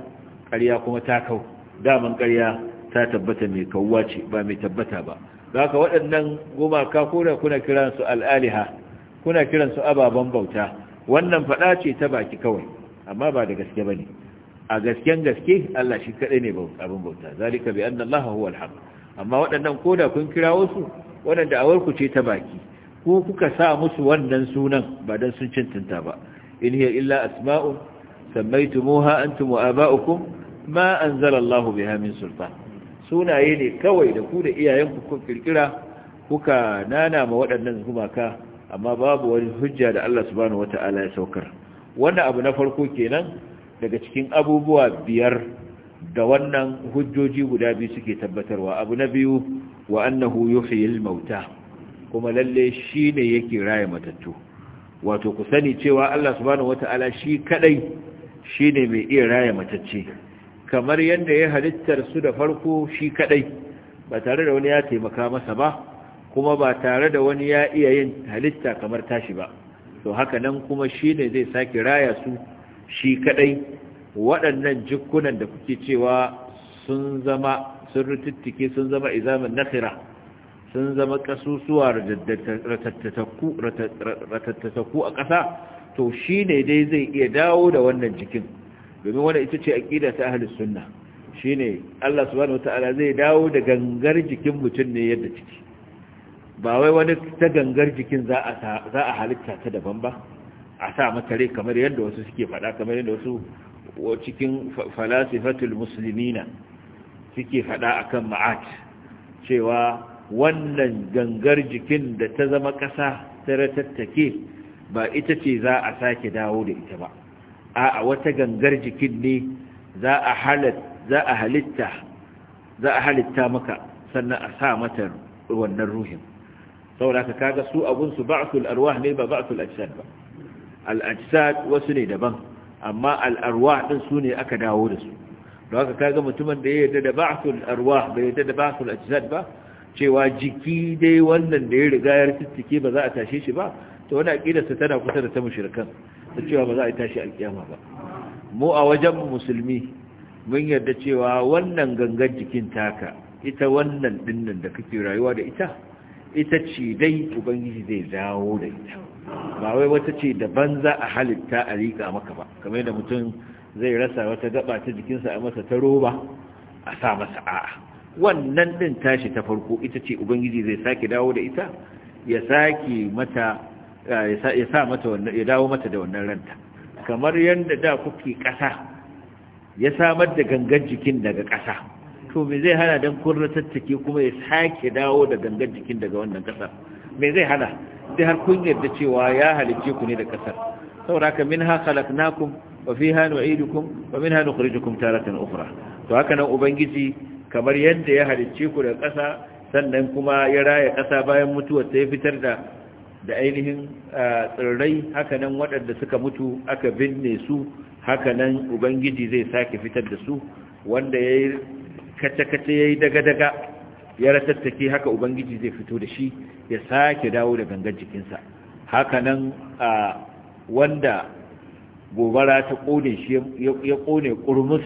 ƙarya kuma ta kau daman ƙarya ta tabbata mai kawwa ce ba mai tabbata ba haka waɗannan gumaka kuna kuna kiran su al-aliha kuna kiran su ababan bauta wannan fada ce ta baki kawai amma ba da gaske bane a gasken gaske Allah shi kadai ne abin bauta zalika bi anna Allah huwa al amma waɗannan koda kun kira wasu waɗanda awarku ce ta baki ko kuka sa musu wannan sunan ba dan sun cintinta ba in hiya illa asma'un sammaytumuha antum wa aba'ukum ma anzalallahu biha min sultan sunaye ne kawai da ku da iyayenku kun kirkira kuka nana ma waɗannan gumaka amma babu wani hujja da Allah subhanahu wata'ala ya saukar wannan abu na farko kenan daga cikin abubuwa biyar da wannan hujjoji guda biyu suke tabbatarwa abu na biyu wa annahu yuhyil mauta kuma lalle shi ne yake raya matattu wato ku sani cewa Allah subhanahu wata'ala shi kadai shi ne mai iya raya matacce kamar yadda ya halittar su da farko shi kadai ba tare da wani ya taimaka masa ba kuma ba tare da wani ya iya yin halitta kamar tashi ba to haka nan kuma shi ne zai sake raya su shi kadai waɗannan jikunan da kuke cewa sun zama sun rututtuke sun zama izamin nasira sun zama kasusuwa ratattataku a ƙasa to shi ne dai zai iya dawo da wannan jikin domin wani ita ce aƙida ta ahalus sunna shi ne Allah subhanahu wa ta'ala zai dawo da gangar jikin mutum ne yadda ciki ba wai wani ta gangar jikin za a halitta ta daban ba a sa mata rai kamar yadda wasu suke faɗa kamar yadda wasu cikin falasifatul musulmina suke faɗa akan ma'at cewa wannan gangar jikin da ta zama ƙasa ta ratattake ba ita ce za a sake dawo da ita ba a wata gangar jikin ne za a halitta za a halitta maka sannan a sa mata wannan ruhin saboda ka kaga su abun su arwah ne ba ba'sul ajsad ba al wasu ne daban amma al ɗin din su ne aka dawo da su Da aka kaga mutumin da ya yarda da ba'sul arwah ya yarda da ba'sul ajsad ba cewa jiki dai wannan da ya riga ya rikittike ba za a tashe shi ba to wani sa tana kusa da ta mashirkan da cewa ba za a tashi alƙiyama ba mu a wajen musulmi mun yarda cewa wannan gangar jikin taka ita wannan dinnan da kake rayuwa da ita ita ce dai ubangiji zai dawo da ita ba wai wata ce daban za a halitta a riƙa maka ba kamar da mutum zai rasa wata gaba ta jikinsa a masa ta roba a sa masa a'a wannan ɗin tashi ta farko ita ce ubangiji zai sake dawo da ita ya sake mata ya sa mata wannan ya dawo mata da wannan ranta kamar yadda da kuke ƙasa ya samar da gangan jikin daga ƙasa to me zai hana dan kun ratattake kuma ya sake dawo da gangan jikin daga wannan ƙasa me zai hana dai har kun yarda cewa ya halicce ku ne da ƙasar saboda minha khalaqnakum wa fiha nu'idukum wa minha nukhrijukum taratan ukhra to haka nan ubangiji kamar yadda ya halicce ku da ƙasa sannan kuma ya raya ƙasa bayan mutuwar ta ya fitar da da ainihin tsirrai Haka nan waɗanda suka mutu aka binne su Haka nan ubangiji zai sake fitar da su wanda ya yi kace-kace ya yi daga-daga ya ratattake haka ubangiji zai fito da shi ya sake dawo da gangan jikinsa nan wanda gobara ta ƙone shi ya ƙone ƙurmus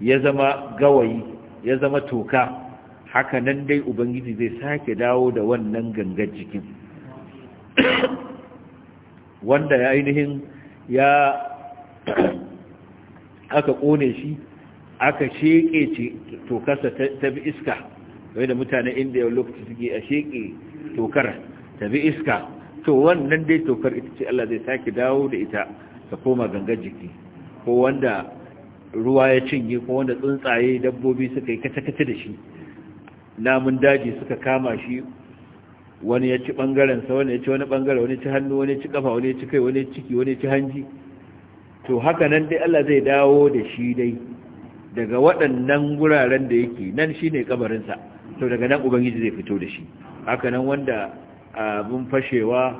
ya zama gawayi ya zama toka haka nan dai ubangiji zai sake dawo da wannan gangar jikin wanda ya ainihin ya aka kone shi aka sheke ce tokarsa ta bi iska wai da mutane inda yau lokaci suke a sheke tokar ta bi iska to wannan dai tokar ita ce Allah zai sake dawo da ita ta koma gangar jiki ko wanda ruwa ya cinye ko wanda tsuntsaye dabbobi suka yi kace-kace da shi namun daji suka kama shi wani ya ci ɓangarensa wani ya ci wani ɓangare wani ci hannu wani ci ƙafa wani ci kai wani ciki wani ci hanji to haka nan dai Allah zai dawo da shi dai daga waɗannan guraren da yake nan shi ne kabarinsa to daga nan ubangiji zai fito da shi haka nan wanda abin fashewa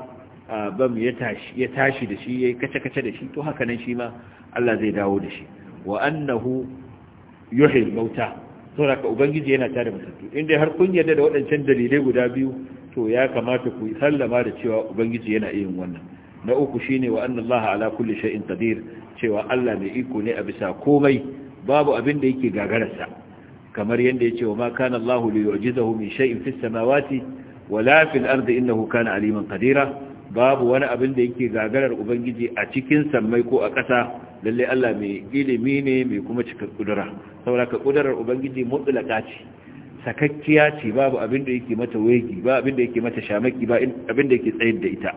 bam ya tashi da shi ya yi kace-kace da shi to haka nan shi ma Allah zai dawo da shi wa annahu yuhil mauta saboda ubangiji yana tare matattu inda har kun yarda da waɗancan dalilai guda biyu to ya kamata ku sallama da cewa ubangiji yana yin wannan na uku shine wa anna ala kulli shay'in qadir cewa Allah mai iko ne a bisa komai babu abin da yake gagararsa kamar yadda yace wa ma kana Allahu li yu'jizahu min shay'in fis samawati wala fil ardi innahu kana aliman qadira babu wani abin da yake gagarar ubangiji a cikin sammai ko a ƙasa lalle Allah mai ilimi ne mai kuma cika kudura saboda ka kudurar ubangiji mutlaka ce sakakkiya ce babu abin da yake mata wegi ba abin da yake mata shamaki ba abin da yake tsayar da ita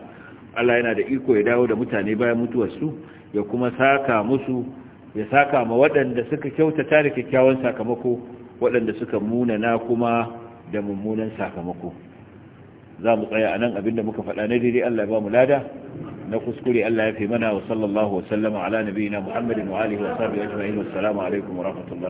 Allah yana da iko ya dawo da mutane bayan mutuwar su ya kuma saka musu ya saka ma waɗanda suka kyautata da kyakkyawan sakamako waɗanda suka munana kuma da mummunan sakamako za mu tsaya a nan abin da muka faɗa na daidai Allah ya ba mu lada نقسكري ألا يفهمنا وصلى الله وسلم على نبينا محمد وآله وصحبه أجمعين والسلام عليكم ورحمة الله